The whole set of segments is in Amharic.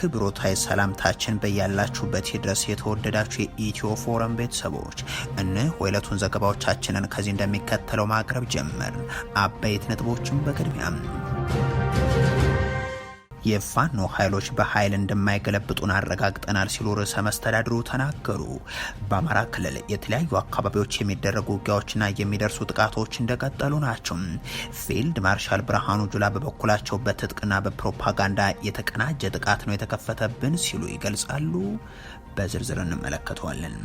ክብሮታይ ሰላምታችን በያላችሁበት ድረስ የተወደዳችሁ የኢትዮ ፎረም ቤተሰቦች እነሆ የዕለቱን ዘገባዎቻችንን ከዚህ እንደሚከተለው ማቅረብ ጀመር። አበይት ነጥቦችን በቅድሚያም የፋኖ ኃይሎች በኃይል እንደማይገለብጡን አረጋግጠናል ሲሉ ርዕሰ መስተዳድሩ ተናገሩ። በአማራ ክልል የተለያዩ አካባቢዎች የሚደረጉ ውጊያዎችና የሚደርሱ ጥቃቶች እንደቀጠሉ ናቸው። ፊልድ ማርሻል ብርሃኑ ጁላ በበኩላቸው በትጥቅና በፕሮፓጋንዳ የተቀናጀ ጥቃት ነው የተከፈተብን ሲሉ ይገልጻሉ። በዝርዝር እንመለከተዋለን።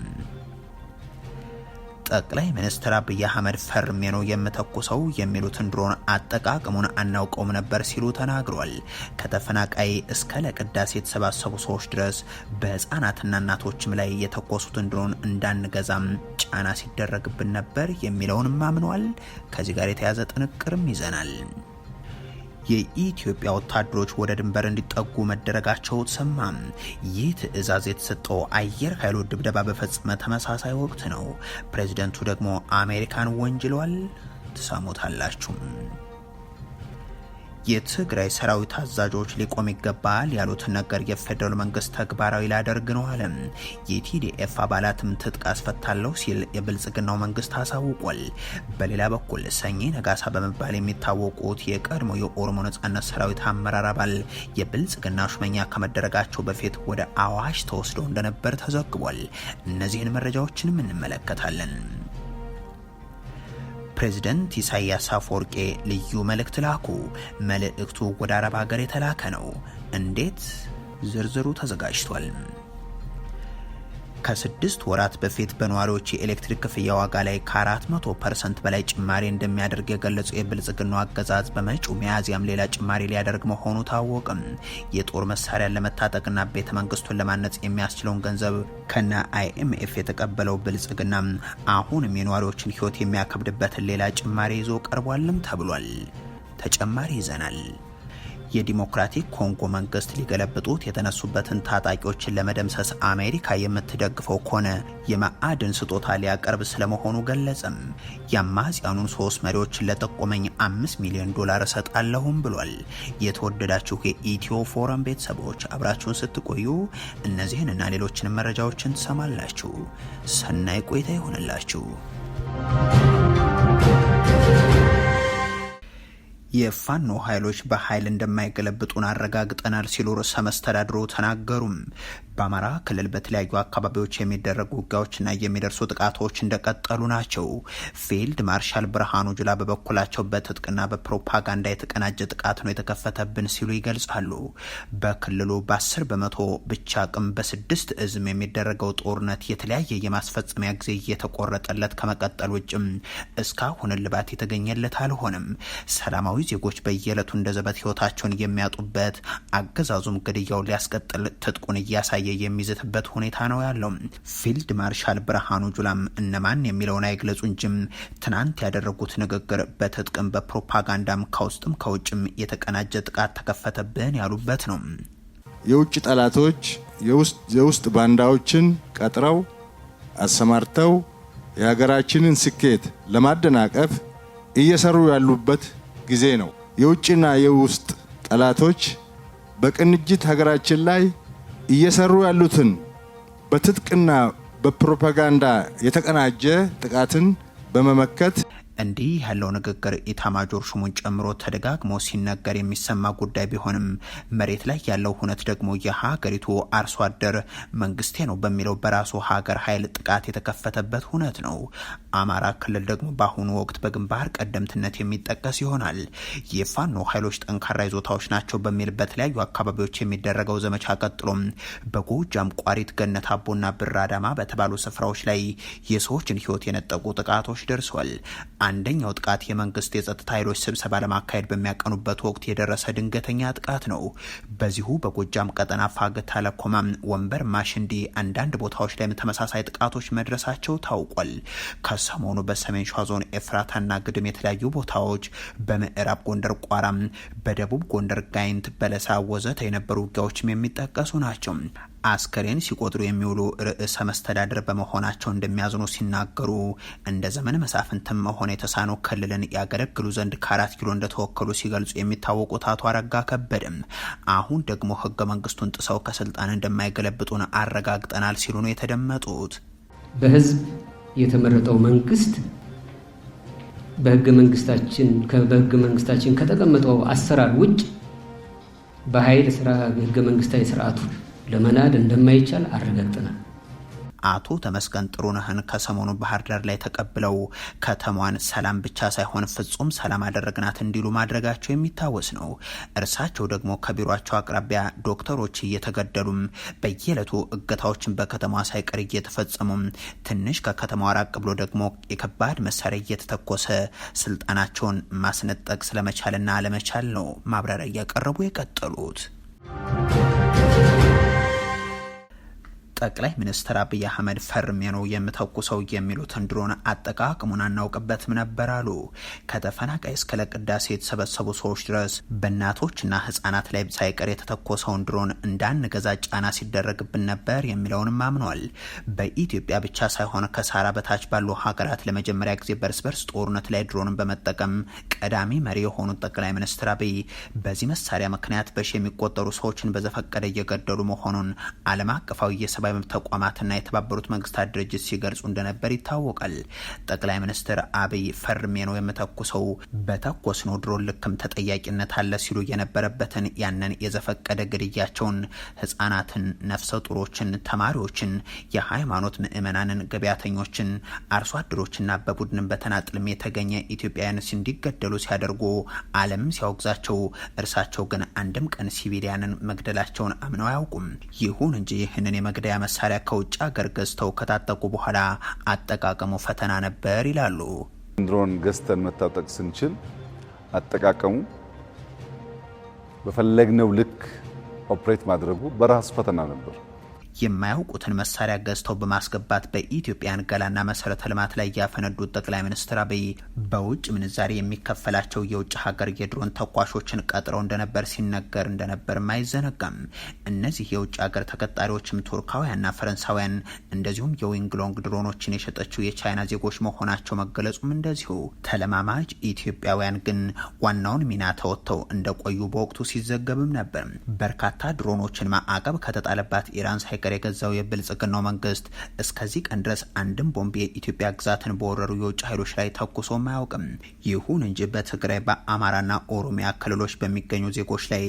ጠቅላይ ሚኒስትር አብይ አህመድ ፈርሜ ነው የምተኩሰው የሚሉትን ድሮን አጠቃቀሙን አናውቀውም ነበር ሲሉ ተናግሯል። ከተፈናቃይ እስከ ለቅዳሴ የተሰባሰቡ ሰዎች ድረስ በህፃናትና እናቶችም ላይ የተኮሱትን ድሮን እንዳንገዛም ጫና ሲደረግብን ነበር የሚለውንም አምኗል። ከዚህ ጋር የተያዘ ጥንቅርም ይዘናል። የኢትዮጵያ ወታደሮች ወደ ድንበር እንዲጠጉ መደረጋቸው ተሰማ። ይህ ትዕዛዝ የተሰጠው አየር ኃይሉ ድብደባ በፈጸመ ተመሳሳይ ወቅት ነው። ፕሬዚደንቱ ደግሞ አሜሪካን ወንጅለዋል። ትሰሙታላችሁ። የትግራይ ሰራዊት አዛዦች ሊቆም ይገባል ያሉትን ነገር የፌደራል መንግስት ተግባራዊ ሊያደርግ ነው አለ። የቲዲኤፍ አባላትም ትጥቅ አስፈታለሁ ሲል የብልጽግናው መንግስት አሳውቋል። በሌላ በኩል ሰኚ ነጋሳ በመባል የሚታወቁት የቀድሞ የኦሮሞ ነጻነት ሰራዊት አመራር አባል የብልጽግና ሹመኛ ከመደረጋቸው በፊት ወደ አዋሽ ተወስዶ እንደነበር ተዘግቧል። እነዚህን መረጃዎችንም እንመለከታለን። ፕሬዚደንት ኢሳያስ አፈወርቄ ልዩ መልእክት ላኩ። መልእክቱ ወደ አረብ ሀገር የተላከ ነው። እንዴት? ዝርዝሩ ተዘጋጅቷል። ከስድስት ወራት በፊት በነዋሪዎች የኤሌክትሪክ ክፍያ ዋጋ ላይ ከ400 ፐርሰንት በላይ ጭማሪ እንደሚያደርግ የገለጹ የብልጽግናው አገዛዝ በመጪው ሚያዝያም ሌላ ጭማሪ ሊያደርግ መሆኑ ታወቅም። የጦር መሳሪያን ለመታጠቅና ቤተ መንግስቱን ለማነጽ የሚያስችለውን ገንዘብ ከነ አይኤምኤፍ የተቀበለው ብልጽግና አሁንም የነዋሪዎችን ህይወት የሚያከብድበትን ሌላ ጭማሪ ይዞ ቀርቧልም ተብሏል። ተጨማሪ ይዘናል። የዲሞክራቲክ ኮንጎ መንግስት ሊገለብጡት የተነሱበትን ታጣቂዎችን ለመደምሰስ አሜሪካ የምትደግፈው ከሆነ የማዕድን ስጦታ ሊያቀርብ ስለመሆኑ ገለጸም። የአማጽያኑን ሶስት መሪዎችን ለጠቆመኝ አምስት ሚሊዮን ዶላር እሰጣለሁም ብሏል። የተወደዳችሁ የኢትዮ ፎረም ቤተሰቦች አብራችሁን ስትቆዩ እነዚህን እና ሌሎችንም መረጃዎችን ትሰማላችሁ። ሰናይ ቆይታ ይሆንላችሁ። የፋኖ ኃይሎች በኃይል እንደማይገለብጡን አረጋግጠናል ሲሉ ርዕሰ መስተዳድሩ ተናገሩም። በአማራ ክልል በተለያዩ አካባቢዎች የሚደረጉ ውጊያዎችና የሚደርሱ ጥቃቶች እንደቀጠሉ ናቸው። ፊልድ ማርሻል ብርሃኑ ጁላ በበኩላቸው በትጥቅና በፕሮፓጋንዳ የተቀናጀ ጥቃት ነው የተከፈተብን ሲሉ ይገልጻሉ። በክልሉ በአስር በመቶ ብቻ አቅም በስድስት እዝም የሚደረገው ጦርነት የተለያየ የማስፈጸሚያ ጊዜ እየተቆረጠለት ከመቀጠል ውጭም እስካሁን እልባት የተገኘለት አልሆንም። ሰላማዊ ሰላማዊ ዜጎች በየዕለቱ እንደ ዘበት ህይወታቸውን የሚያጡበት፣ አገዛዙም ግድያውን ሊያስቀጥል ትጥቁን እያሳየ የሚዝትበት ሁኔታ ነው ያለው። ፊልድ ማርሻል ብርሃኑ ጁላም እነማን የሚለውን አይግለጹ እንጂም ትናንት ያደረጉት ንግግር በትጥቅም በፕሮፓጋንዳም ከውስጥም ከውጭም የተቀናጀ ጥቃት ተከፈተብን ያሉበት ነው። የውጭ ጠላቶች የውስጥ ባንዳዎችን ቀጥረው አሰማርተው የሀገራችንን ስኬት ለማደናቀፍ እየሰሩ ያሉበት ጊዜ ነው። የውጭና የውስጥ ጠላቶች በቅንጅት ሀገራችን ላይ እየሰሩ ያሉትን በትጥቅና በፕሮፓጋንዳ የተቀናጀ ጥቃትን በመመከት እንዲህ ያለው ንግግር ኢታማጆር ሹሙን ጨምሮ ተደጋግሞ ሲነገር የሚሰማ ጉዳይ ቢሆንም መሬት ላይ ያለው ሁነት ደግሞ የሀገሪቱ አርሶ አደር መንግስቴ ነው በሚለው በራሱ ሀገር ኃይል ጥቃት የተከፈተበት ሁነት ነው። አማራ ክልል ደግሞ በአሁኑ ወቅት በግንባር ቀደምትነት የሚጠቀስ ይሆናል። የፋኖ ኃይሎች ጠንካራ ይዞታዎች ናቸው በሚል በተለያዩ አካባቢዎች የሚደረገው ዘመቻ ቀጥሎም በጎጃም ቋሪት፣ ገነት አቦና ብር አዳማ በተባሉ ስፍራዎች ላይ የሰዎችን ህይወት የነጠቁ ጥቃቶች ደርሷል። አንደኛው ጥቃት የመንግስት የጸጥታ ኃይሎች ስብሰባ ለማካሄድ በሚያቀኑበት ወቅት የደረሰ ድንገተኛ ጥቃት ነው። በዚሁ በጎጃም ቀጠና ፋግታ ለኮማም፣ ወንበር ማሽንዲ፣ አንዳንድ ቦታዎች ላይም ተመሳሳይ ጥቃቶች መድረሳቸው ታውቋል። ከሰሞኑ በሰሜን ሸዋ ዞን ኤፍራታና ግድም የተለያዩ ቦታዎች፣ በምዕራብ ጎንደር ቋራም፣ በደቡብ ጎንደር ጋይንት፣ በለሳ ወዘተ የነበሩ ውጊያዎችም የሚጠቀሱ ናቸው። አስከሬን ሲቆጥሩ የሚውሉ ርዕሰ መስተዳድር በመሆናቸው እንደሚያዝኑ ሲናገሩ እንደ ዘመን መሳፍንትም መሆን የተሳኑ ክልልን ያገለግሉ ዘንድ ከአራት ኪሎ እንደተወከሉ ሲገልጹ የሚታወቁት አቶ አረጋ ከበደም አሁን ደግሞ ህገ መንግስቱን ጥሰው ከስልጣን እንደማይገለብጡን አረጋግጠናል ሲሉ ነው የተደመጡት። በህዝብ የተመረጠው መንግስት በህገ መንግስታችን በህገ መንግስታችን ከተቀመጠው አሰራር ውጭ በኃይል ህገ መንግስታዊ ስርዓቱን ለመናድ እንደማይቻል አረጋግጠናል። አቶ ተመስገን ጥሩነህን ከሰሞኑ ባህር ዳር ላይ ተቀብለው ከተማዋን ሰላም ብቻ ሳይሆን ፍጹም ሰላም አደረግናት እንዲሉ ማድረጋቸው የሚታወስ ነው። እርሳቸው ደግሞ ከቢሯቸው አቅራቢያ ዶክተሮች እየተገደሉም በየዕለቱ እገታዎችን በከተማዋ ሳይቀር እየተፈጸሙም ትንሽ ከከተማዋ ራቅ ብሎ ደግሞ የከባድ መሳሪያ እየተተኮሰ ስልጣናቸውን ማስነጠቅ ስለመቻልና አለመቻል ነው ማብራሪያ እያቀረቡ የቀጠሉት። ጠቅላይ ሚኒስትር አብይ አህመድ ፈርሜ ነው የምተኩሰው የሚሉትን ድሮን አጠቃቅሙን አናውቅበትም ነበር አሉ። ከተፈናቃይ እስከ ለቅዳሴ የተሰበሰቡ ሰዎች ድረስ በእናቶችና ህጻናት ላይ ሳይቀር የተተኮሰውን ድሮን እንዳንገዛ ጫና ሲደረግብን ነበር የሚለውንም አምኗል። በኢትዮጵያ ብቻ ሳይሆን ከሳራ በታች ባሉ ሀገራት ለመጀመሪያ ጊዜ በርስ በርስ ጦርነት ላይ ድሮንን በመጠቀም ቀዳሚ መሪ የሆኑት ጠቅላይ ሚኒስትር አብይ በዚህ መሳሪያ ምክንያት በሺ የሚቆጠሩ ሰዎችን በዘፈቀደ እየገደሉ መሆኑን ዓለም አቀፋዊ የሰብአዊ መብት ተቋማትና የተባበሩት መንግስታት ድርጅት ሲገልጹ እንደነበር ይታወቃል። ጠቅላይ ሚኒስትር አብይ ፈርሜ ነው የምተኩሰው ነው ድሮን ልክም ተጠያቂነት አለ ሲሉ የነበረበትን ያንን የዘፈቀደ ግድያቸውን ህጻናትን፣ ነፍሰ ጡሮችን፣ ተማሪዎችን፣ የሃይማኖት ምዕመናንን፣ ገበያተኞችን፣ አርሶ አደሮችና በቡድን በተናጥልም የተገኘ ኢትዮጵያውያን እንዲገደሉ እንዲገደሉ ሲያደርጉ ዓለም ሲያወግዛቸው እርሳቸው ግን አንድም ቀን ሲቪሊያንን መግደላቸውን አምነው አያውቁም። ይሁን እንጂ ይህንን የመግደያ መሳሪያ ከውጭ ሀገር ገዝተው ከታጠቁ በኋላ አጠቃቀሙ ፈተና ነበር ይላሉ። ድሮን ገዝተን መታጠቅ ስንችል አጠቃቀሙ በፈለግነው ልክ ኦፕሬት ማድረጉ በራሱ ፈተና ነበር። የማያውቁትን መሳሪያ ገዝተው በማስገባት በኢትዮጵያን ገላና መሰረተ ልማት ላይ ያፈነዱት ጠቅላይ ሚኒስትር አብይ በውጭ ምንዛሬ የሚከፈላቸው የውጭ ሀገር የድሮን ተኳሾችን ቀጥረው እንደነበር ሲነገር እንደነበርም አይዘነጋም። እነዚህ የውጭ ሀገር ተቀጣሪዎችም ቱርካውያንና ፈረንሳውያን እንደዚሁም የዊንግሎንግ ድሮኖችን የሸጠችው የቻይና ዜጎች መሆናቸው መገለጹም እንደዚሁ። ተለማማጅ ኢትዮጵያውያን ግን ዋናውን ሚና ተወጥተው እንደቆዩ በወቅቱ ሲዘገብም ነበር። በርካታ ድሮኖችን ማዕቀብ ከተጣለባት ኢራን ሳይ በማሽቀር የገዛው የብልጽግናው መንግስት እስከዚህ ቀን ድረስ አንድም ቦምብ የኢትዮጵያ ግዛትን በወረሩ የውጭ ኃይሎች ላይ ተኩሶም አያውቅም። ይሁን እንጂ በትግራይ በአማራና ኦሮሚያ ክልሎች በሚገኙ ዜጎች ላይ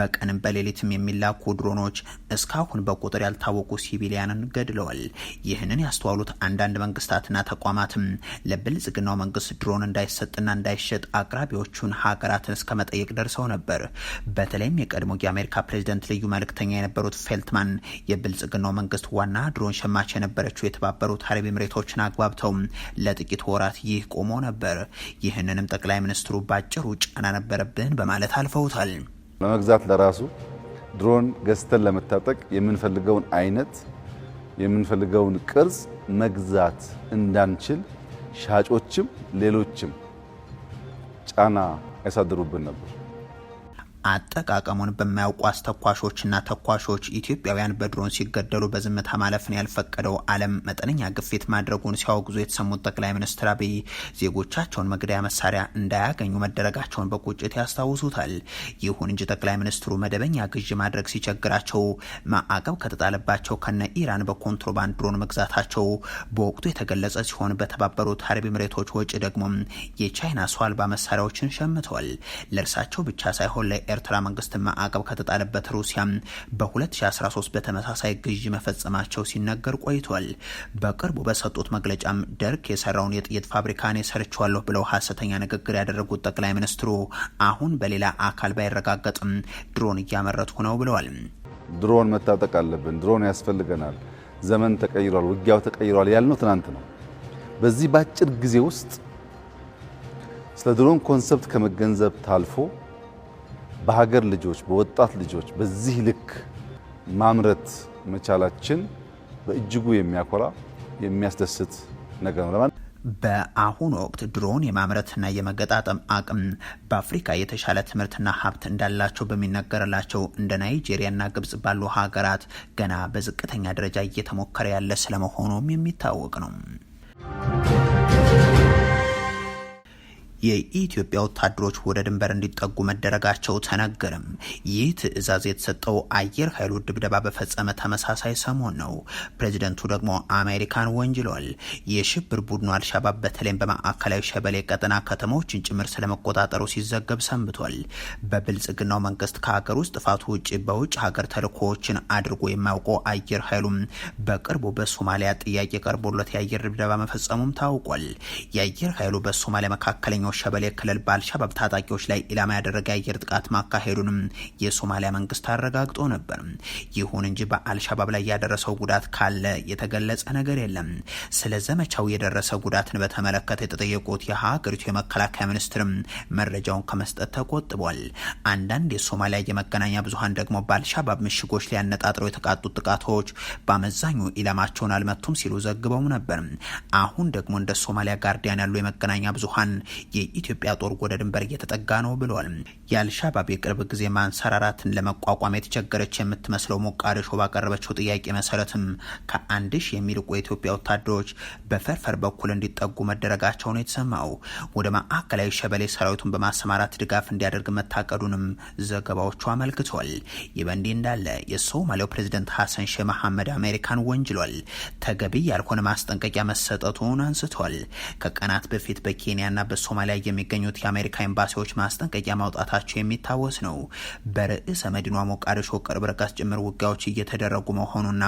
በቀንም በሌሊትም የሚላኩ ድሮኖች እስካሁን በቁጥር ያልታወቁ ሲቪሊያንን ገድለዋል። ይህንን ያስተዋሉት አንዳንድ መንግስታትና ተቋማትም ለብልጽግናው መንግስት ድሮን እንዳይሰጥና እንዳይሸጥ አቅራቢዎቹን ሀገራትን እስከመጠየቅ ደርሰው ነበር። በተለይም የቀድሞ የአሜሪካ ፕሬዚደንት ልዩ መልእክተኛ የነበሩት ፌልትማን የብልጽግናው መንግስት ዋና ድሮን ሸማች የነበረችው የተባበሩት አረብ ኤምሬቶችን አግባብተው ለጥቂት ወራት ይህ ቆሞ ነበር። ይህንንም ጠቅላይ ሚኒስትሩ ባጭሩ ጫና ነበረብን በማለት አልፈውታል። ለመግዛት ለራሱ ድሮን ገዝተን ለመታጠቅ የምንፈልገውን አይነት የምንፈልገውን ቅርጽ መግዛት እንዳንችል ሻጮችም ሌሎችም ጫና ያሳድሩብን ነበር። አጠቃቀሙን በማያውቁ አስተኳሾችና ተኳሾች ኢትዮጵያውያን በድሮን ሲገደሉ በዝምታ ማለፍን ያልፈቀደው ዓለም መጠነኛ ግፊት ማድረጉን ሲያወግዙ የተሰሙት ጠቅላይ ሚኒስትር አብይ ዜጎቻቸውን መግደያ መሳሪያ እንዳያገኙ መደረጋቸውን በቁጭት ያስታውሱታል። ይሁን እንጂ ጠቅላይ ሚኒስትሩ መደበኛ ግዥ ማድረግ ሲቸግራቸው ማዕቀብ ከተጣለባቸው ከነ ኢራን በኮንትሮባንድ ድሮን መግዛታቸው በወቅቱ የተገለጸ ሲሆን በተባበሩት አረብ ኤምሬቶች ወጪ ደግሞ የቻይና ሰው አልባ መሳሪያዎችን ሸምተዋል። ለእርሳቸው ብቻ ሳይሆን የኤርትራ መንግስት ማዕቀብ ከተጣለበት ሩሲያ በ2013 በተመሳሳይ ግዥ መፈጸማቸው ሲነገር ቆይቷል። በቅርቡ በሰጡት መግለጫም ደርግ የሰራውን የጥይት ፋብሪካን ሰርቸዋለሁ ብለው ሀሰተኛ ንግግር ያደረጉት ጠቅላይ ሚኒስትሩ አሁን በሌላ አካል ባይረጋገጥም ድሮን እያመረትኩ ነው ብለዋል። ድሮን መታጠቅ አለብን፣ ድሮን ያስፈልገናል፣ ዘመን ተቀይሯል፣ ውጊያው ተቀይሯል ያልነው ትናንት ነው። በዚህ በአጭር ጊዜ ውስጥ ስለ ድሮን ኮንሰፕት ከመገንዘብ ታልፎ በሀገር ልጆች በወጣት ልጆች በዚህ ልክ ማምረት መቻላችን በእጅጉ የሚያኮራ የሚያስደስት ነገር ነው። በአሁኑ ወቅት ድሮን የማምረትና የመገጣጠም አቅም በአፍሪካ የተሻለ ትምህርትና ሀብት እንዳላቸው በሚነገርላቸው እንደ ናይጄሪያና ግብጽ ባሉ ሀገራት ገና በዝቅተኛ ደረጃ እየተሞከረ ያለ ስለመሆኑም የሚታወቅ ነው። የኢትዮጵያ ወታደሮች ወደ ድንበር እንዲጠጉ መደረጋቸው ተነገርም። ይህ ትዕዛዝ የተሰጠው አየር ኃይሉ ድብደባ በፈጸመ ተመሳሳይ ሰሞን ነው። ፕሬዚደንቱ ደግሞ አሜሪካን ወንጅሏል። የሽብር ቡድኑ አልሻባብ በተለይም በማዕከላዊ ሸበሌ ቀጠና ከተሞችን ጭምር ስለመቆጣጠሩ ሲዘገብ ሰንብቷል። በብልጽግናው መንግስት ከሀገር ውስጥ ጥፋቱ ውጭ በውጭ ሀገር ተልእኮዎችን አድርጎ የማያውቀው አየር ኃይሉም በቅርቡ በሶማሊያ ጥያቄ ቀርቦለት የአየር ድብደባ መፈጸሙም ታውቋል። የአየር ኃይሉ በሶማሊያ መካከለኛው ሸበሌ ክልል በአልሻባብ ታጣቂዎች ላይ ኢላማ ያደረገ የአየር ጥቃት ማካሄዱንም የሶማሊያ መንግስት አረጋግጦ ነበር። ይሁን እንጂ በአልሻባብ ላይ ያደረሰው ጉዳት ካለ የተገለጸ ነገር የለም። ስለ ዘመቻው የደረሰ ጉዳትን በተመለከተ የተጠየቁት የሀገሪቱ የመከላከያ ሚኒስትርም መረጃውን ከመስጠት ተቆጥቧል። አንዳንድ የሶማሊያ የመገናኛ ብዙሀን ደግሞ በአልሻባብ ምሽጎች ላይ ያነጣጥረው የተቃጡት ጥቃቶች በአመዛኙ ኢላማቸውን አልመቱም ሲሉ ዘግበው ነበር። አሁን ደግሞ እንደ ሶማሊያ ጋርዲያን ያሉ የመገናኛ ብዙሀን የኢትዮጵያ ጦር ወደ ድንበር እየተጠጋ ነው ብለዋል። የአልሻባብ የቅርብ ጊዜ ማንሰራራትን ለመቋቋም የተቸገረች የምትመስለው ሞቃዲሾ ባቀረበችው ጥያቄ መሰረትም ከአንድ ሺህ የሚልቁ የኢትዮጵያ ወታደሮች በፈርፈር በኩል እንዲጠጉ መደረጋቸው ነው የተሰማው። ወደ ማዕከላዊ ሸበሌ ሰራዊቱን በማሰማራት ድጋፍ እንዲያደርግ መታቀዱንም ዘገባዎቹ አመልክቷል። ይህ በእንዲህ እንዳለ የሶማሊያው ፕሬዚደንት ሐሰን ሼህ መሐመድ አሜሪካን ወንጅሏል። ተገቢ ያልሆነ ማስጠንቀቂያ መሰጠቱን አንስቷል። ከቀናት በፊት በኬንያና በሶማ በሶማሊያ የሚገኙት የአሜሪካ ኤምባሲዎች ማስጠንቀቂያ ማውጣታቸው የሚታወስ ነው። በርዕሰ መዲኗ ሞቃዲሾ ቅርብ ርቀት ጭምር ውጊያዎች እየተደረጉ መሆኑና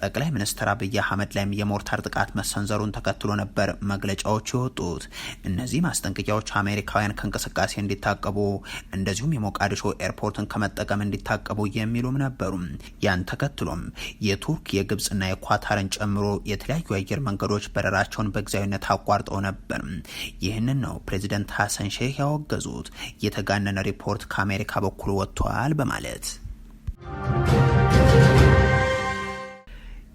ጠቅላይ ሚኒስትር አብይ አህመድ ላይም የሞርታር ጥቃት መሰንዘሩን ተከትሎ ነበር መግለጫዎች የወጡት። እነዚህ ማስጠንቀቂያዎች አሜሪካውያን ከእንቅስቃሴ እንዲታቀቡ፣ እንደዚሁም የሞቃዲሾ ኤርፖርትን ከመጠቀም እንዲታቀቡ የሚሉም ነበሩ። ያን ተከትሎም የቱርክ የግብፅና የኳታርን ጨምሮ የተለያዩ አየር መንገዶች በረራቸውን በጊዜያዊነት አቋርጠው ነበር። ይህንን ነው ፕሬዚደንት ሐሰን ሼህ ያወገዙት የተጋነነ ሪፖርት ከአሜሪካ በኩል ወጥቷል በማለት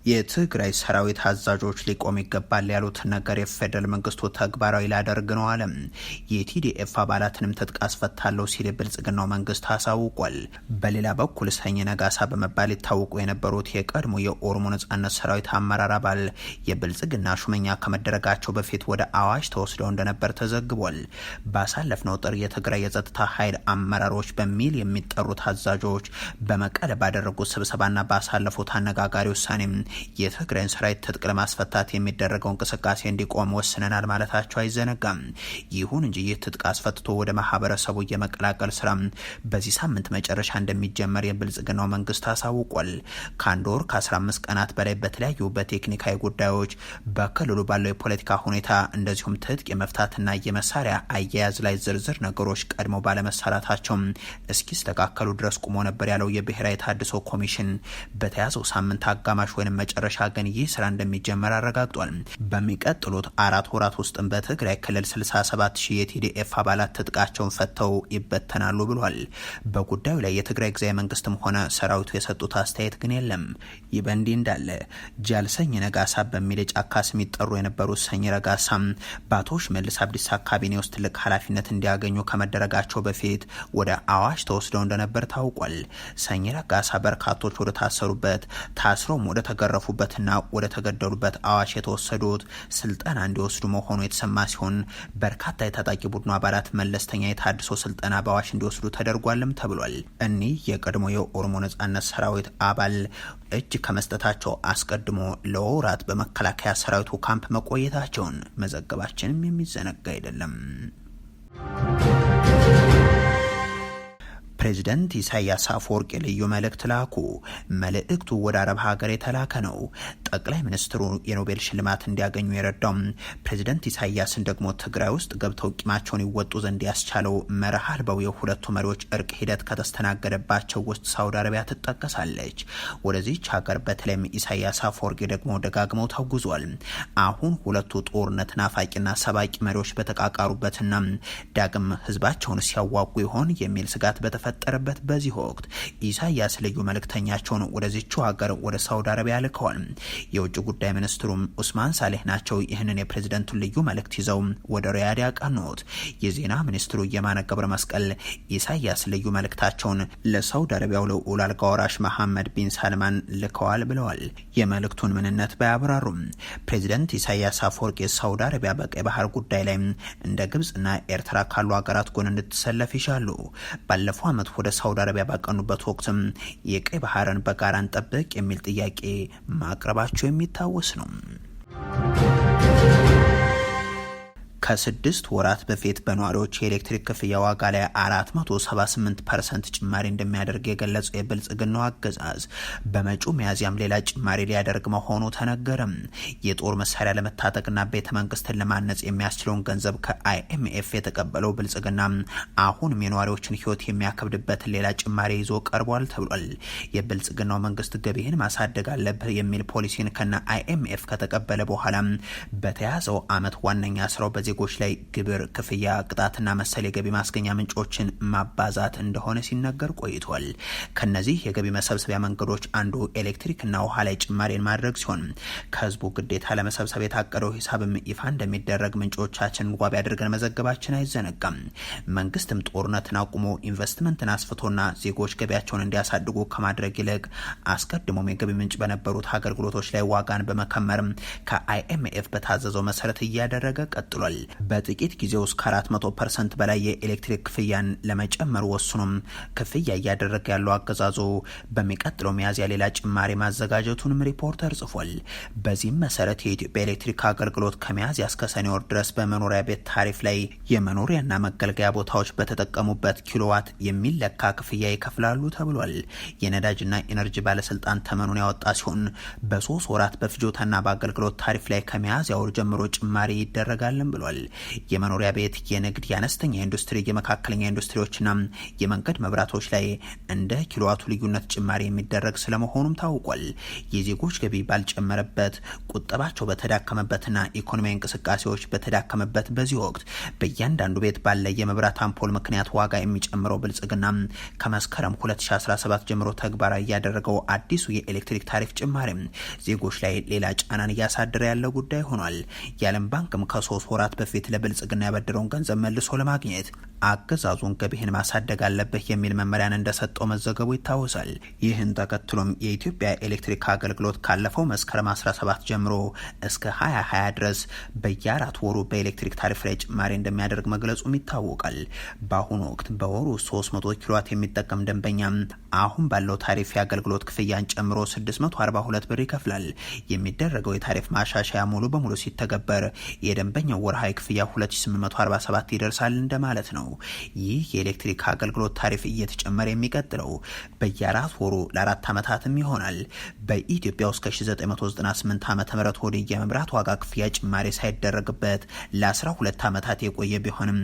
የትግራይ ሰራዊት አዛዦች ሊቆም ይገባል ያሉት ነገር የፌደራል መንግስቱ ተግባራዊ ላደርግ ነው አለ። የቲዲኤፍ አባላትንም ትጥቅ አስፈታለሁ ሲል የብልጽግናው መንግስት አሳውቋል። በሌላ በኩል ሰኝ ነጋሳ በመባል ይታወቁ የነበሩት የቀድሞ የኦሮሞ ነጻነት ሰራዊት አመራር አባል የብልጽግና ሹመኛ ከመደረጋቸው በፊት ወደ አዋሽ ተወስደው እንደነበር ተዘግቧል። ባሳለፍነው ጥር የትግራይ የጸጥታ ኃይል አመራሮች በሚል የሚጠሩት አዛዦች በመቀለ ባደረጉት ስብሰባና ባሳለፉት አነጋጋሪ ውሳኔም የትግራይን ሰራዊት ትጥቅ ለማስፈታት የሚደረገው እንቅስቃሴ እንዲቆም ወስነናል ማለታቸው አይዘነጋም። ይሁን እንጂ ይህ ትጥቅ አስፈትቶ ወደ ማህበረሰቡ የመቀላቀል ስራ በዚህ ሳምንት መጨረሻ እንደሚጀመር የብልጽግናው መንግስት አሳውቋል። ከአንድ ወር ከ15 ቀናት በላይ በተለያዩ በቴክኒካዊ ጉዳዮች በክልሉ ባለው የፖለቲካ ሁኔታ እንደዚሁም ትጥቅ የመፍታትና የመሳሪያ አያያዝ ላይ ዝርዝር ነገሮች ቀድሞ ባለመሰራታቸው እስኪስተካከሉ ድረስ ቁሞ ነበር ያለው የብሔራዊ ታድሶ ኮሚሽን በተያዘው ሳምንት አጋማሽ ወይም መጨረሻ ግን ይህ ስራ እንደሚጀመር አረጋግጧል። በሚቀጥሉት አራት ወራት ውስጥም በትግራይ ክልል 67 ሺህ የቲዲኤፍ አባላት ትጥቃቸውን ፈተው ይበተናሉ ብሏል። በጉዳዩ ላይ የትግራይ ጊዜያዊ መንግስትም ሆነ ሰራዊቱ የሰጡት አስተያየት ግን የለም። ይህ በእንዲህ እንዳለ ጃልሰኝ ነጋሳ በሚል የጫካ ስም ይጠሩ የነበሩት ሰኝ ረጋሳ በአቶ ሽመልስ አብዲሳ ካቢኔ ውስጥ ትልቅ ኃላፊነት እንዲያገኙ ከመደረጋቸው በፊት ወደ አዋሽ ተወስደው እንደነበር ታውቋል። ሰኝ ረጋሳ በርካቶች ወደ ታሰሩበት ታስሮም ወደ ተገረ ያረፉበትና ወደ ተገደሉበት አዋሽ የተወሰዱት ስልጠና እንዲወስዱ መሆኑ የተሰማ ሲሆን በርካታ የታጣቂ ቡድኑ አባላት መለስተኛ የታድሶ ስልጠና በአዋሽ እንዲወስዱ ተደርጓልም ተብሏል። እኒህ የቀድሞ የኦሮሞ ነጻነት ሰራዊት አባል እጅ ከመስጠታቸው አስቀድሞ ለወራት በመከላከያ ሰራዊቱ ካምፕ መቆየታቸውን መዘገባችንም የሚዘነጋ አይደለም። ፕሬዚደንት ኢሳያስ አፈወርቂ ልዩ መልእክት ላኩ። መልእክቱ ወደ አረብ ሀገር የተላከ ነው። ጠቅላይ ሚኒስትሩ የኖቤል ሽልማት እንዲያገኙ የረዳውም ፕሬዚደንት ኢሳያስን ደግሞ ትግራይ ውስጥ ገብተው ቂማቸውን ይወጡ ዘንድ ያስቻለው መርህ አልባው የሁለቱ መሪዎች እርቅ ሂደት ከተስተናገደባቸው ውስጥ ሳውዲ አረቢያ ትጠቀሳለች። ወደዚች ሀገር በተለይም ኢሳያስ አፈወርቂ ደግሞ ደጋግመው ተጉዟል። አሁን ሁለቱ ጦርነት ናፋቂና ሰባቂ መሪዎች በተቃቃሩበትና ዳግም ህዝባቸውን ሲያዋጉ ይሆን የሚል ስጋት በተፈ በተፈጠረበት በዚህ ወቅት ኢሳያስ ልዩ መልእክተኛቸውን ወደዚችው ሀገር ወደ ሳውዲ አረቢያ ልከዋል። የውጭ ጉዳይ ሚኒስትሩም ኡስማን ሳሌህ ናቸው። ይህንን የፕሬዝደንቱን ልዩ መልእክት ይዘው ወደ ሪያድ ያቀኑት የዜና ሚኒስትሩ የማነ ገብረ መስቀል ኢሳያስ ልዩ መልእክታቸውን ለሳውዲ አረቢያው ልዑል አልጋ ወራሽ መሐመድ ቢን ሳልማን ልከዋል ብለዋል። የመልእክቱን ምንነት ባያብራሩም ፕሬዚደንት ኢሳያስ አፈወርቂ ሳውዲ አረቢያ በቀይ ባህር ጉዳይ ላይ እንደ ግብጽና ኤርትራ ካሉ ሀገራት ጎን እንድትሰለፍ ይሻሉ። ባለፈው ዓመት ወደ ሳውዲ አረቢያ ባቀኑበት ወቅትም የቀይ ባህርን በጋራ እንጠብቅ የሚል ጥያቄ ማቅረባቸው የሚታወስ ነው። ከስድስት ወራት በፊት በነዋሪዎች የኤሌክትሪክ ክፍያ ዋጋ ላይ 478 ፐርሰንት ጭማሪ እንደሚያደርግ የገለጸው የብልጽግናው አገዛዝ በመጪው ሚያዝያም ሌላ ጭማሪ ሊያደርግ መሆኑ ተነገረም። የጦር መሳሪያ ለመታጠቅና ቤተ መንግስትን ለማነጽ የሚያስችለውን ገንዘብ ከአይኤምኤፍ የተቀበለው ብልጽግና አሁንም የነዋሪዎችን ህይወት የሚያከብድበትን ሌላ ጭማሪ ይዞ ቀርቧል ተብሏል። የብልጽግናው መንግስት ገቢህን ማሳደግ አለብህ የሚል ፖሊሲን ከነ አይኤምኤፍ ከተቀበለ በኋላ በተያዘው አመት ዋነኛ ስራው በዜ ዜጎች ላይ ግብር፣ ክፍያ፣ ቅጣትና መሰል የገቢ ማስገኛ ምንጮችን ማባዛት እንደሆነ ሲነገር ቆይቷል። ከነዚህ የገቢ መሰብሰቢያ መንገዶች አንዱ ኤሌክትሪክና ውሃ ላይ ጭማሪን ማድረግ ሲሆን ከህዝቡ ግዴታ ለመሰብሰብ የታቀደው ሂሳብም ይፋ እንደሚደረግ ምንጮቻችን ዋቢ አድርገን መዘገባችን አይዘነጋም። መንግስትም ጦርነትን አቁሞ ኢንቨስትመንትን አስፍቶና ዜጎች ገቢያቸውን እንዲያሳድጉ ከማድረግ ይልቅ አስቀድሞም የገቢ ምንጭ በነበሩት አገልግሎቶች ላይ ዋጋን በመከመርም ከአይኤምኤፍ በታዘዘው መሰረት እያደረገ ቀጥሏል። በጥቂት ጊዜ ውስጥ ከ400 ፐርሰንት በላይ የኤሌክትሪክ ክፍያን ለመጨመር ወስኑም ክፍያ እያደረገ ያለው አገዛዙ በሚቀጥለው ሚያዝያ ሌላ ጭማሪ ማዘጋጀቱንም ሪፖርተር ጽፏል። በዚህም መሰረት የኢትዮጵያ ኤሌክትሪክ አገልግሎት ከሚያዝያ እስከ ሰኔ ወር ድረስ በመኖሪያ ቤት ታሪፍ ላይ የመኖሪያና መገልገያ ቦታዎች በተጠቀሙበት ኪሎዋት የሚለካ ክፍያ ይከፍላሉ ተብሏል። የነዳጅና ኢነርጂ ባለስልጣን ተመኑን ያወጣ ሲሆን በሶስት ወራት በፍጆታና በአገልግሎት ታሪፍ ላይ ከሚያዝያ ወር ጀምሮ ጭማሪ ይደረጋልን ብሏል። ተገኝተዋል። የመኖሪያ ቤት፣ የንግድ፣ የአነስተኛ ኢንዱስትሪ፣ የመካከለኛ ኢንዱስትሪዎችና የመንገድ መብራቶች ላይ እንደ ኪሎዋቱ ልዩነት ጭማሪ የሚደረግ ስለመሆኑም ታውቋል። የዜጎች ገቢ ባልጨመረበት፣ ቁጠባቸው በተዳከመበትና ኢኮኖሚያዊ እንቅስቃሴዎች በተዳከመበት በዚህ ወቅት በእያንዳንዱ ቤት ባለ የመብራት አምፖል ምክንያት ዋጋ የሚጨምረው ብልጽግና ከመስከረም 2017 ጀምሮ ተግባራዊ እያደረገው አዲሱ የኤሌክትሪክ ታሪፍ ጭማሪ ዜጎች ላይ ሌላ ጫናን እያሳደረ ያለ ጉዳይ ሆኗል። የዓለም ባንክም ከሶስት ወራት በፊት በፊት ለብልጽግና ያበደረውን ገንዘብ መልሶ ለማግኘት አገዛዙን ገቢህን ማሳደግ አለብህ የሚል መመሪያን እንደሰጠው መዘገቡ ይታወሳል። ይህን ተከትሎም የኢትዮጵያ ኤሌክትሪክ አገልግሎት ካለፈው መስከረም 17 ጀምሮ እስከ 2020 ድረስ በየአራት ወሩ በኤሌክትሪክ ታሪፍ ላይ ጭማሪ እንደሚያደርግ መግለጹም ይታወቃል። በአሁኑ ወቅት በወሩ 300 ኪሎዋት የሚጠቀም ደንበኛ አሁን ባለው ታሪፍ የአገልግሎት ክፍያን ጨምሮ 642 ብር ይከፍላል። የሚደረገው የታሪፍ ማሻሻያ ሙሉ በሙሉ ሲተገበር የደንበኛው ወርሃ ዓመታዊ ክፍያ 2847 ይደርሳል እንደማለት ነው። ይህ የኤሌክትሪክ አገልግሎት ታሪፍ እየተጨመረ የሚቀጥለው በየአራት ወሩ ለአራት ዓመታትም ይሆናል። በኢትዮጵያ ውስጥ ከ1998 ዓ ም ወዲህ የመብራት ዋጋ ክፍያ ጭማሪ ሳይደረግበት ለ12 ዓመታት የቆየ ቢሆንም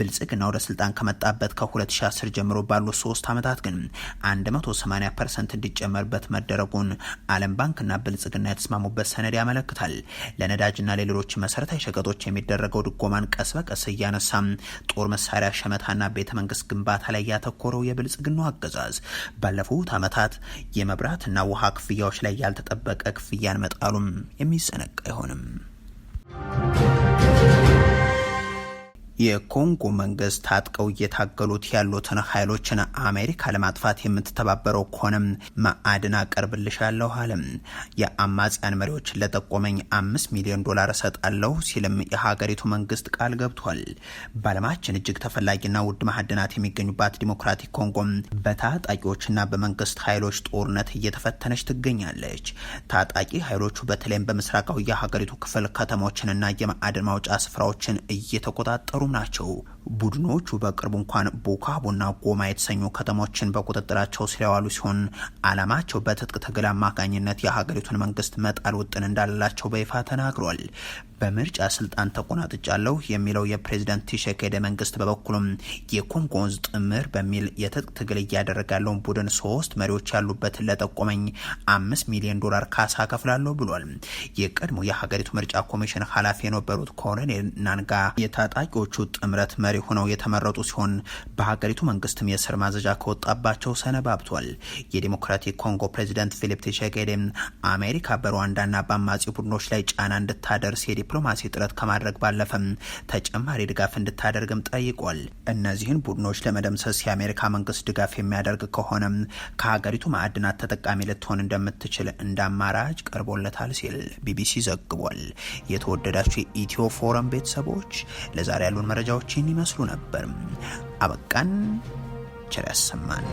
ብልጽግና ወደ ስልጣን ከመጣበት ከ2010 ጀምሮ ባሉ ሶስት ዓመታት ግን 180 ፐርሰንት እንዲጨመርበት መደረጉን ዓለም ባንክና ብልጽግና የተስማሙበት ሰነድ ያመለክታል። ለነዳጅና ለሌሎች መሰረታዊ ሸቀጦች የሚደረግ የሚደረገው ድጎማን ቀስ በቀስ እያነሳ ጦር መሳሪያ ሸመታና ቤተ መንግስት ግንባታ ላይ ያተኮረው የብልጽግናው አገዛዝ ባለፉት ዓመታት የመብራትና ውሃ ክፍያዎች ላይ ያልተጠበቀ ክፍያን መጣሉም የሚሰነቅ አይሆንም። የኮንጎ መንግስት ታጥቀው እየታገሉት ያሉትን ኃይሎችን አሜሪካ ለማጥፋት የምትተባበረው ከሆነም ማዕድን አቀርብልሻለሁ አለም። የአማጽያን መሪዎችን ለጠቆመኝ አምስት ሚሊዮን ዶላር እሰጣለሁ ሲልም የሀገሪቱ መንግስት ቃል ገብቷል። በዓለማችን እጅግ ተፈላጊና ውድ ማዕድናት የሚገኙባት ዲሞክራቲክ ኮንጎም በታጣቂዎችና በመንግስት ኃይሎች ጦርነት እየተፈተነች ትገኛለች። ታጣቂ ኃይሎቹ በተለይም በምስራቃዊ የሀገሪቱ ክፍል ከተሞችንና የማዕድን ማውጫ ስፍራዎችን እየተቆጣጠሩ ናቸው። ቡድኖቹ በቅርቡ እንኳን ቡካቦና ጎማ የተሰኙ ከተሞችን በቁጥጥራቸው ስር ያዋሉ ሲሆን አላማቸው በትጥቅ ትግል አማካኝነት የሀገሪቱን መንግስት መጣል ውጥን እንዳላቸው በይፋ ተናግሯል። በምርጫ ስልጣን ተቆናጥጫለሁ የሚለው የፕሬዝደንት ቲሸኬደ መንግስት በበኩሉም የኮንጎ ወንዝ ጥምር በሚል የትጥቅ ትግል እያደረገ ያለውን ቡድን ሶስት መሪዎች ያሉበትን ለጠቆመኝ አምስት ሚሊዮን ዶላር ካሳ ከፍላለሁ ብሏል። የቀድሞ የሀገሪቱ ምርጫ ኮሚሽን ኃላፊ የነበሩት ኮሎኔል ናንጋ የታጣቂዎቹ ጥምረት መሪ አማካሪ ሆነው የተመረጡ ሲሆን በሀገሪቱ መንግስትም የስር ማዘዣ ከወጣባቸው ሰነባብቷል። የዲሞክራቲክ ኮንጎ ፕሬዚደንት ፊሊፕ ቲሸጌዴም አሜሪካ በሩዋንዳና በአማጺ ቡድኖች ላይ ጫና እንድታደርስ የዲፕሎማሲ ጥረት ከማድረግ ባለፈም ተጨማሪ ድጋፍ እንድታደርግም ጠይቋል። እነዚህን ቡድኖች ለመደምሰስ የአሜሪካ መንግስት ድጋፍ የሚያደርግ ከሆነም ከሀገሪቱ ማዕድናት ተጠቃሚ ልትሆን እንደምትችል እንደ አማራጭ ቀርቦለታል ሲል ቢቢሲ ዘግቧል። የተወደዳቸው የኢትዮ ፎረም ቤተሰቦች ለዛሬ ያሉን መረጃዎችን ይመስሉ ነበር። አበቃን። ቸር ያሰማን።